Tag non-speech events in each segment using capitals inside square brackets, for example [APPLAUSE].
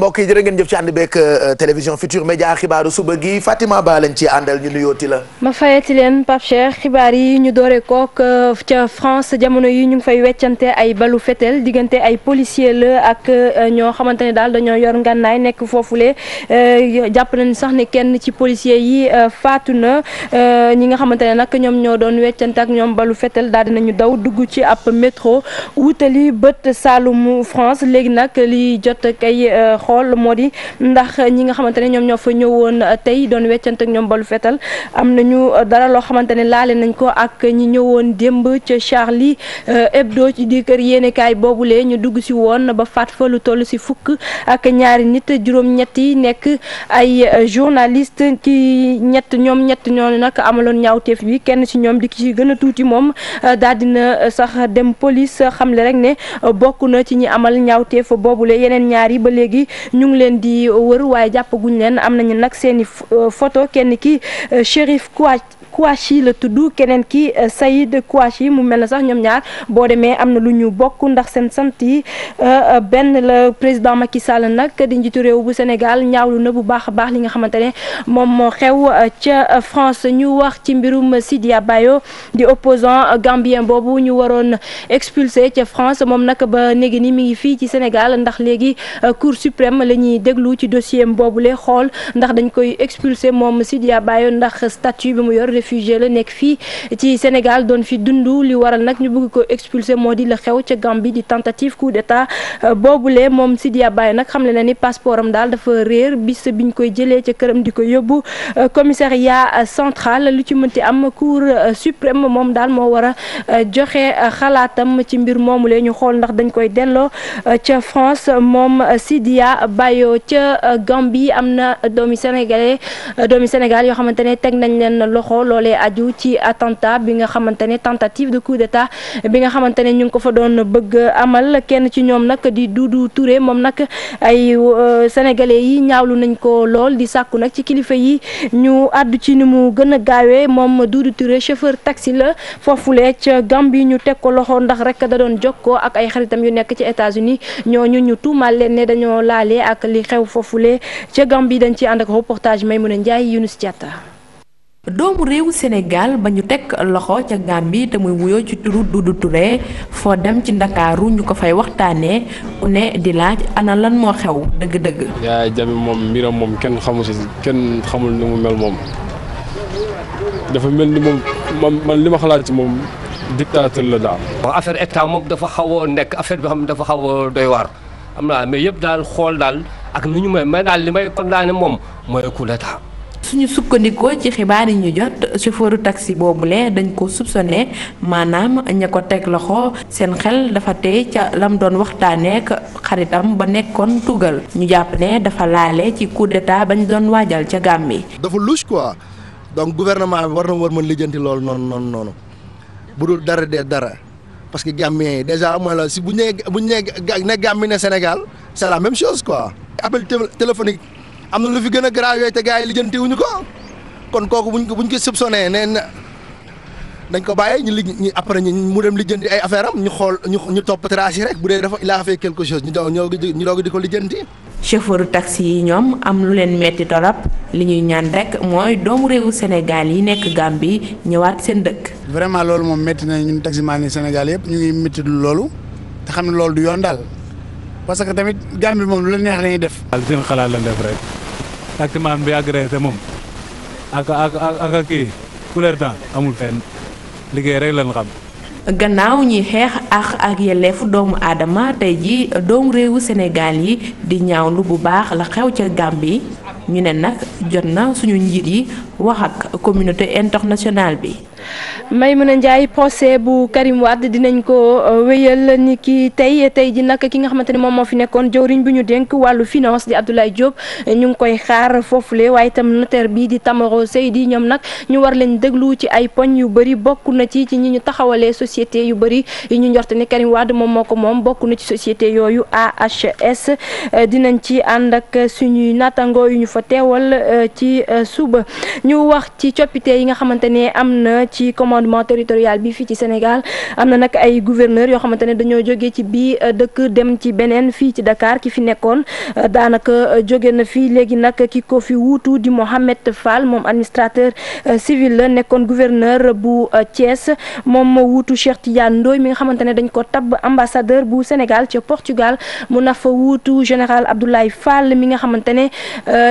mbokk yi jërë ngeen jëf ci ànd beeg euh, télévision Futur Média xibaaru suba gi Fatima Ba ci àndal ñu nuyooti la. ma fayati leen Pape xibaar yi ñu doore kook euh, ca France jamono yi ñu ngi fay weccante ay balu fetel diggante ay policier la ak euh, ñoo xamante ne daal dañoo yor ngànnaay nekk foofule jàpp nañ sax ni kenn ci policier yi faatu na ñi nga xamante ne nag ñoom ñoo doon weccante ak ñoom balu fetel daal dinañu daw dugg ci ab métro wutali bët Saalumu France léegi nag li jot kay. xool moo di ndax ñi nga xamante ne ñoom ñoo fa ñëwoon uh, tey doon weccante ak ñoom balu fetal am na ñu uh, dara loo xamante ne laale nañ ko ak ñi ñëwoon démb ca Charlie uh, Hebdo ci di kër yéenekaay boobulee ñu dugg si woon ba faat fa toll si fukk ak ñaari nit juróom nekk ay journaliste ci ñett ñoom ñett ñoo nag amaloon ñaawteef bi kenn si ñoom di ki ci gën a tuuti moom daal dina sax dem police xamle rek ne bokk ci ñi amal ñaawteef boobule yeneen ñaar ba léegi ñu ngi leen di wër waaye jàppaguñ leen am nañu nag seeni euh, photo kenn ki euh, Chérif Kouath Kouachi la tudd keneen ki euh, Saïd Kouachi mu mel na sax ñoom ñaar boo demee am na lu ñu bokk ndax seen sant yi euh, benn la président Macky Sall nag di njiitu réew bu Sénégal ñaawlu na bu baax a baax li nga xamante ne moom moo xew euh, ca France ñu wax ci mbirum Sidia Bayo di opposant gambien boobu ñu waroon expulsé ca France moom nag ba néegi ni mi ngi fii ci Sénégal ndax léegi Cour suprême la ñuy déglu ci dossier le xool ndax dañ koy expulsé moom Sidia Bayo ndax statut bi mu yor réfugié la nekk fii ci Sénégal doon fi dund li waral nag ñu bëgg ko expulsé moo di la xew ca Gambie di tentative coup d'état euh, boobule moom Sidiya Baye nag xamle na ni passeport am daal dafa réer bis biñ koy jëlee ca këram di ko yóbbu euh, commissariat euh, central lu ci mënti am cour suprême moom daal moo war joxe xalaatam ci mbir moomule ñu xool ndax dañ koy delloo ca France moom Sidiya Bayo ca Gambie am na doomi sénégalais doomi Sénégal yoo xamante loolee aju ci attentat bi nga xamante ne tentative de coup d'état bi nga xamante ne ñu ngi ko fa doon bëgg amal kenn ci ñoom nag di Doudou Touré moom nag ay euh, sénégalais yi ñaawlu nañ ko lool di sàkku nag ci kilifa yi ñu àddu ci ni mu gën a gaawee moom Doudou Touré chauffeur taxi la foofule ca Gambie ñu teg ko loxo ndax rek da doon jokkoo ak ay xaritam yu nekk ci États-Unis ñoo ñu ñu tuumaal leen ne dañoo laale ak li xew foofule ca Gambie dañ ci ànd ak reportage Maymouna Ndiaye Younous Diatta doomu réewu Sénégal ba ñu teg loxo ca Gambie te muy wuyoo ci turu Doudou Touré foo dem ci ndakaaru ñu ko fay waxtaanee ne di laaj ana lan moo xew dëgg-dëgg. Yaaya Jammeh moom mbiram moom kenn xamul si kenn xamul ni mu mel moom dafa mel ni moom man man li ma xalaat ci moom dictateur la daal. waaw affaire état moom dafa xaw a nekk affaire bi xam dafa xaw a doy am naa mais yëpp daal xool daal ak nu ñu may may daal li may condamné moom mooy coup d'état suñu sukkandikoo ci xibaar yi ñu jot chauffeuru boobu lee dañ ko soupçonné maanaam ña ko teg loxo seen xel dafa tey ca lam doon waxtaanee ak xaritam ba nekkoon tugal ñu jàpp ne dafa laale ci coup d'état bañ doon waajal ca gàmmi dafa louche quoi donc gouvernement bi war na war mën lijjanti loolu noonu noonu noonu bu dul dara de dara parce que Gambien yi déjà mooy la si bu ñu nee bu ñu nee Gambie ne Sénégal c'est la même chose quoi appel téléphonique. am na lu fi gën a grave yooyu te gars yi lijjanti wuñu ko kon kooku buñ ko bu buñ ko soupçonné neen na dañ ko bàyyee ñu li après ñu mu dem lijjanti ay affaire ñu xool ñu ñu topp trace rek bu dee dafa il a fait quelque chose ñu doog ñu doog di ko lijjanti. chauffeuru taxi yi ñoom am lu leen metti torop li ñuy ñaan rek mooy doomu réewu Sénégal yi nekk Gambie ñëwaat seen dëkk. vraiment loolu moom métti na ñun taximaan yi Sénégal yëpp ñu ngi métti loolu te xam ne loolu du yoon daal parce que tamit Gambie moom lu leen neex la ñuy def. daal seen xalaat rek. taximan bi agressé moom ak ak ak ak kii couleur temps amul fenn liggéey rek lañ xam. gannaaw ñi xeex ak ak yelleefu doomu aadama tey ji doomu réewu Sénégal yi di ñaawlu bu baax la xew ca bi ñu ne nag jot na suñu njiit yi wax ak communauté internationale bi. Maimouna Ndiaye procès bu Karim Wade dinañ ko euh, wéyal ni ki tey tey ji nag ki nga xamante ne moom moo fi nekkoon jëwriñ bu ñu dénk wàllu finance di Abdoulaye Diop euh, ñu ngi koy xaar foofule waaye itam notaire bi di Tamaro Seydi ñoom nag ñu war leen déglu ci ay poñ yu bëri bokk na ci ci ñi ñu taxawalee societé yu bëri yi ñu njort ni Karim Wade moom moo ko moom bokk na ci société yooyu AHS euh, dinañ ci ànd ak suñuy nattangoo yu ñu fa teewal ci suba ñu wax yi nga xamante ne am na ci commandement territorial bi fii ci Sénégal am na nag ay gouverneur yoo xamante ne dañoo jógee ci bi euh, dëkk dem ci beneen fii ci Dakar ki fi nekkoon euh, daanaka euh, jóge na fii léegi nag ki ko fi wuutu di Mohamed Fall moom administrateur civil la nekkoon gouverneur bu Thiès moom ma wuutu Cheikh Tidiane ndoy mi nga xamante ne dañ ko tabb ambassadeur bu Sénégal ca Portugal mu na fa wuutu général Abdoulaye Fall mi nga xamante ne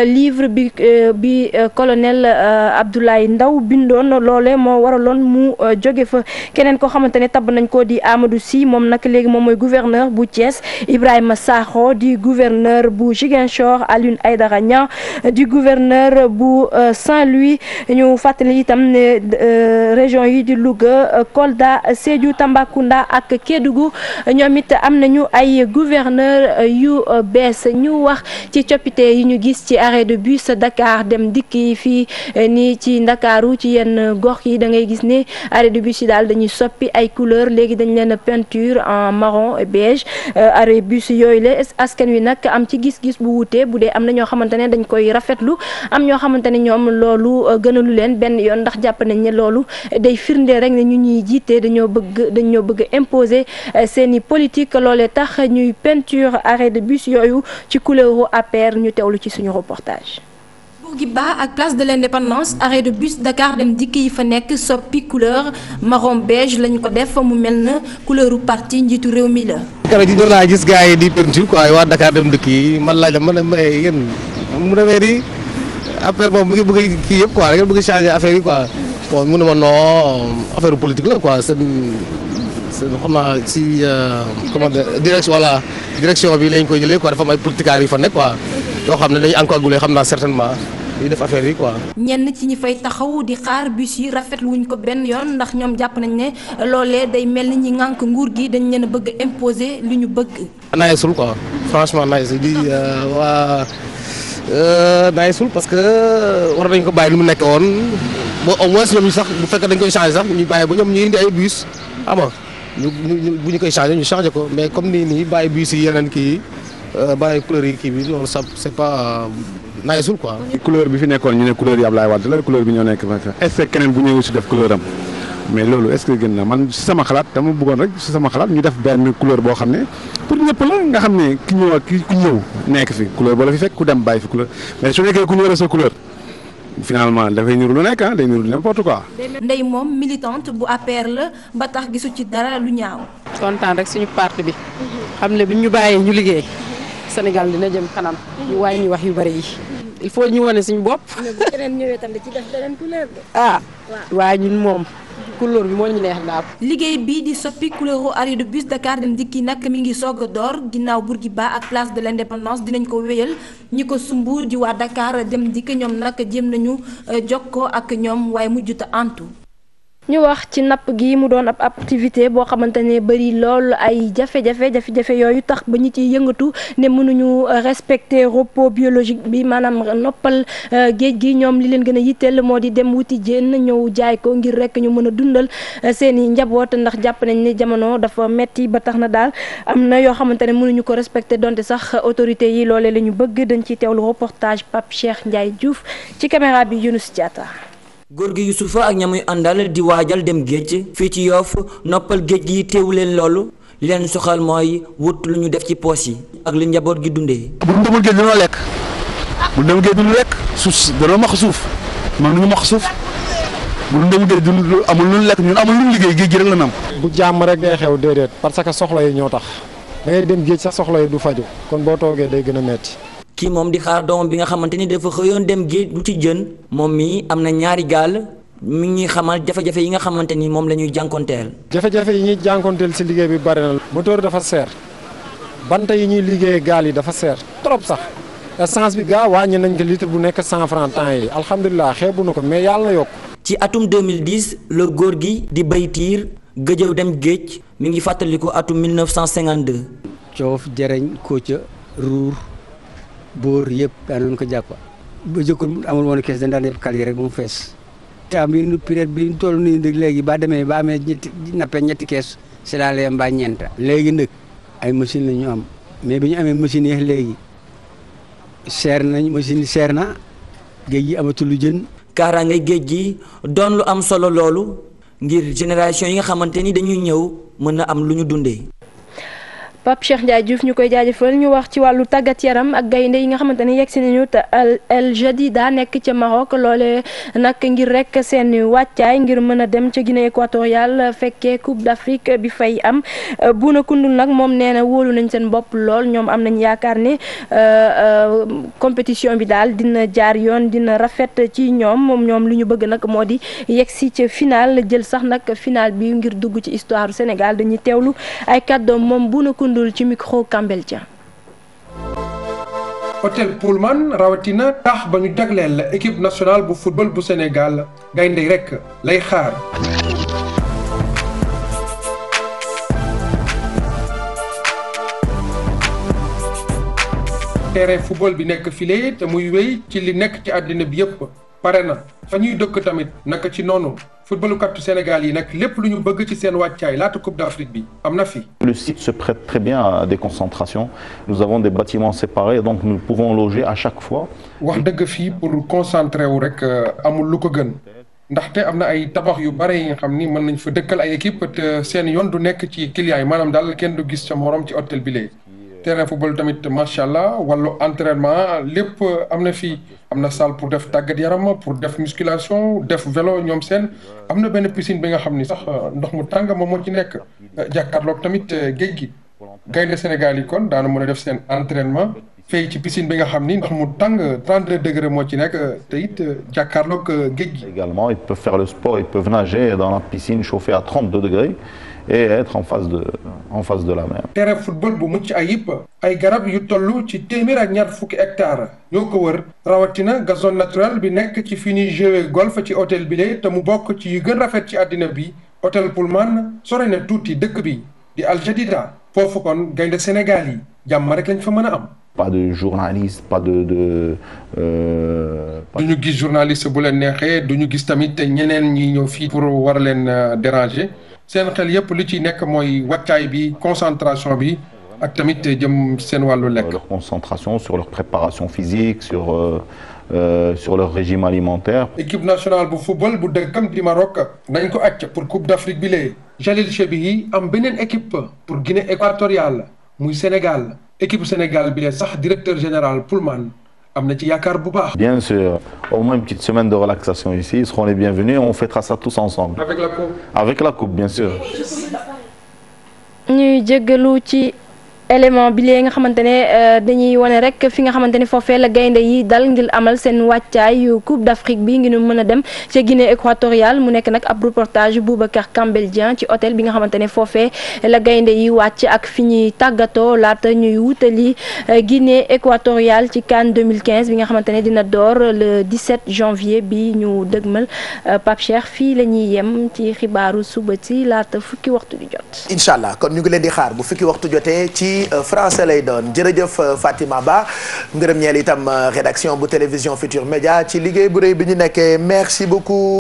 livre bi bi colonel Abdoulaye Ndaw bindoon loole moo waraloon mu euh, jóge fa keneen koo xamante ne tabb nañ ko di Amadou Sy moom nag léegi moom mooy gouverneur bu Thiès Ibrahima Sakho di gouverneur bu Ziguinchor ay Aïdara Niang di gouverneur bu euh, Saint-Louis ñu fàttali itam ne euh, région yi di Louga Kolda Sédhiou Tambacounda ak Kédougou ñoom it am nañu ay gouverneur yu bees ñu wax ci coppite yi ñu gis ci arrêt de bus Dakar dem dikk yi fii nii ci Ndakaaru ci yenn gox yi da gis ne arrêt de bus yi daal dañuy soppi ay couleur léegi dañu leen a peinture en marron et beige euh, arrêt bus yooyu la askan wi nag am ci gis-gis bu wutee bu dee am na ñoo xamante ne dañ koy rafetlu am ñoo xamante ne ñoom loolu euh, gënalu leen benn yoon ndax jàpp nañ ne loolu day firnde rek ne ñu ñuy jiitee dañoo bëgg dañoo bëgg imposer euh, seeni i politique loolee tax ñuy peinture arrêt de bus yooyu ci couleuru APR ñu teewlu ci suñu reportage Mbour gi de l'indépendance arrêt de bus Dakar dem dikk yi fa nekk soppi couleur marron beige lañu ko def mu mel na couleur u parti njiitu réew mi la. keroog ci doon naa gis gars di peinture quoi waa Dakar dem dikk yi man laaj la man ma yéen mu demee nii affaire moom mu ngi bëgg kii yëpp quoi da ngeen bëgg yi la quoi seen euh, fa nekk quoi. yoo xam ne dañuy encoaguler xam naa certainement di def affaire yi quoi. ñenn ci ñi fay taxaw di xaar bus yi rafetlu wuñ ko benn yoon ndax ñoom jàpp nañ ne loolee day mel ni ñi ŋànk nguur gi dañ leen a bëgg a imposer li ñu bëgg. naayesul quoi franchement naayesul di euh, waa euh, naayesul parce que euh, war nañ ko bàyyi lu mu nekk woon ba au moins ñoom ñu sax bu fekkee dañ koy change sax ñu bàyyi ba ñoom ñu indi ay bus ama ah ñu bu ñu koy changé ñu changé ko mais comme nii nii bàyyi bus yi yeneen ki bàyyi couleur yi kii bi loolu sax c'est pas. naagisul quoi. couleur bi fi nekkoon ñu ne couleur yi Ablaye Wade la couleur bi ñoo nekk est ce que keneen bu ñëwee si def couleur mais loolu est ce que gën na man si sama xalaat dama bëggoon rek si sama xalaat ñu def benn couleur boo xam ne pour ñëpp la nga xam ne ki ñëw ki ku ñëw nekk fi couleur boo la fi fekk ku dem bàyyi fi couleur mais su nekkee ku ñëw sa couleur. finalement dafay niru lu nekk ah day niru n'importe quoi. ndey moom militante bu APR la ba tax gisu ci dara lu ñaaw. kontaan rek suñu parti bi. xam ne bi ñu bàyyee ñu liggéey. Sénégal dina jëm kanam. ñu wàññi wax yu bari yi. il faut ñu wone suñu bopp. mais bu keneen ñëwee tam da [LAUGHS] ah waaye ñun moom. couleur bi moo ñu neex daal. liggéey bii di soppi couleuru arrêt de bus Dakar Dem Dikk nag mi ngi soog a door ginnaaw Bourguiba ak place de l'indépendance dinañ ko wéyal ñi ko sumbu di waa Dakar Dem Dikk ñoom nag jëm nañu eh, jokkoo ak ñoom waaye mujjuta antu. ñu wax ci napp gi mu doon ab activité boo xamante ne bëri lool ay jafe-jafe jafe yooyu tax ba ñu ciy yëngatu ne mënuñu respecter repos biologique bi maanaam noppal euh, géej gi ñoom li leen gën a yitteel moo di dem wuti jën ñëw jaay ko ngir rek ñu mën a dundal euh, seen i njaboot ndax jàpp nañ ne jamono dafa metti ba tax na daal am na yoo xamante ne mënuñu ko respecter donte sax autorité yi loole la ñu bëgg dañ ciy teewlu reportage Pape Cheikh Ndiaye Diouf ci caméra bi Younous Diatta góor gi Youssoupha ak ñamuy àndal di waajal dem géej fii ci Yoff noppal géej gi teewu leen loolu li leen soxal mooy wut lu ñu def ci poos yi ak li njaboot gi dundee. bu ñu demul géej dañoo lekk bu ñu demul lekk suuf si dañoo max suuf man du ñu max suuf bu ñu demul géej duñu amul lu ñu lekk ñun amul lu ñu liggéey géej gi rek la nam bu jàmm rek day xew déedéet parce que soxla yi ñoo tax da dem géej sa soxla yi du faju kon boo toogee day gën a metti kii moom di xaar doomam bi nga xamante ni dafa xëyoon dem géej lu ci jën moom mii am na ñaari gaal mu ngi xamal jafe-jafe yi nga xamante ni moom la ñuy jànkonteel. jafe-jafe yi ñuy jànkonteel si liggéey bi bari na. moteur dafa seer banta yi ñuy liggéey gaal yi dafa seer trop sax essence bi gaa wàññi nañ ko litre bu nekk cent franc temps yi alhamdulilah xeebu na ko mais yàlla na yokk. ci atum 2010 la góor gi di bay tiir gëjëw dem géej mi ngi fàttaliku atum 1952. coof jëreñ kóoca ruur. boor yëpp daanoon ko jàpp ba jëkkoon amul woon kees dañ daan yëpp kal yi rek ba mu fees te am bi période bi ñu toll nii nag léegi baa demee ba amee ñetti nappee ñetti kees si daa lee mbaa ñeenta léegi nag ay machine la ñu am mais bi ñu amee machine yi léegi seer nañ machine yi seer na géej gi amatul lu jën kaaraange géej gi doon lu am solo loolu ngir génération yi nga xamante ni dañuy ñëw mën na am lu ñu dundee Pape Cheikh Ndiaye Diouf ñu koy jaajëfal ñu wax ci wàllu tàggat yaram ak gaynde yi nga xamante ne yegg si nañu El daa nekk ca Maroc loole nag ngir rek seen wàccaay ngir mën a dem ca Guinée équatoriale fekkee Coupe d'Afrique bi fay am euh, Bouna Koundoul nag moom nee na wóolu nañ seen bopp lool ñoom am nañ yaakaar ni euh, euh, compétition bi daal dina jaar yoon dina rafet ci ñoom moom ñoom lu ñu bëgg nag moo di yegg si ca final jël sax nag final bi ngir dugg ci histoire Sénégal Ndoul ci micro Kambel Dia. rawatina tax ba ñu la équipe nationale bu football bu Sénégal gaynde rekk lay xaar. terrain football bi nekk file te muy wéy ci li nekk ci àddina bi yëpp. pare na fa ñuy dëkk tamit naka ci noonu footballukatu Sénégal yi nag lépp lu ñu bëgg ci seen wàccaay laata Coupe d'Afrique bi am na fi. Le site se prête très bien à des concentrations nous avons des bâtiments séparés donc nous pouvons loger à chaque fois. wax dëgg fii pour concentrer wu rek euh, amul lu ko gën. ndaxte am na ay tabax yu bare yi nga xam ni mën nañ fa dëkkal ay équipe te euh, seen yoon du nekk ci client yi maanaam daal kenn du gis sa morom ci hôtel bi léegi terrain football tamit macha allah wala entraînement lépp am na fii am na salle pour def tàggat yaram pour def musculation def vélo ñoom seen am na benn piscine bi nga xam ni sax ndox mu tàng moom moo ci nekk jàkkaarloog tamit géej gi gaynde Sénégal yi kon daana mën a def seen entrainement fay ci piscine bi nga xam ni ndox mu tàng 32 degré moo ci nekk teyit it jàkkaarloog géej gi. également ils peuvent faire le sport ils peuvent nager dans la piscine chauffée à 32 degrés. et être en face de en face de la mer. terrain football bu mucc ayib ay garab yu toll ci téeméer ak ñaar fukki hectares ñoo ko wër rawatina gazon naturel bi nekk ci fi ñuy jouer golf ci hôtel bi le te mu bokk ci yu gën rafet ci àddina bi hôtel Pullman sore na tuuti dëkk bi di Al Jadida foofu kon gaynde Sénégal yi jàmm rek lañ fa mën a am. pas de journaliste pas de de. Euh, du ñu gis journaliste bu leen neexee du ñu gis tamit ñeneen ñi ñëw fii pour war leen euh, déranger. seen xel yëpp lu ci nekk mooy wattaay bi concentration bi ak tamit jëm seen wàllu lekk. leur concentration sur leur préparation physique sur euh, euh, sur leur régime alimentaire. équipe nationale bu football bu de di Maroc nañ ko acc pour coupe d'Afrique bi lee Jalil Chebi am beneen équipe pour Guinée équatoriale muy Sénégal équipe Sénégal bi lee sax directeur général Pullman am na ci yaakaar bien sûr au moins petite semaine de relaxation ici seront les bienvenus on fêtera tous ensemble. avec la coupe bien sûr. élément bi lee nga xamante ne euh, dañuy wane rek fi nga xamante ne foofee la gaynde yi dal ngir amal seen wàccaay Coupe d'Afrique bi ngir mën a dem ca Guinée équatoriale mu nekk nag ab reportage Boubacar Kambel Dieng ci hôtel bi nga xamante ne foofee la gaynde yi wàcc ak fi ñuy tàggatoo laata ñuy wutali euh, Guinée équatoriale ci CAN 2015 bi nga xamante ne dina door le 17 janvier bi ñu dëgmal euh, Pape Cheikh fii la ñuy yem ci xibaaru suba ci laata fukki waxtu di jot. incha kon ñu ngi leen di xaar bu fukki waxtu jotee ci. bi euh, français lay doon jërëjëf euh, Fatima Ba ngërëm ñeel itam euh, rédaction bu télévision Futur Média ci liggéey bu rëy bi ñu merci beaucoup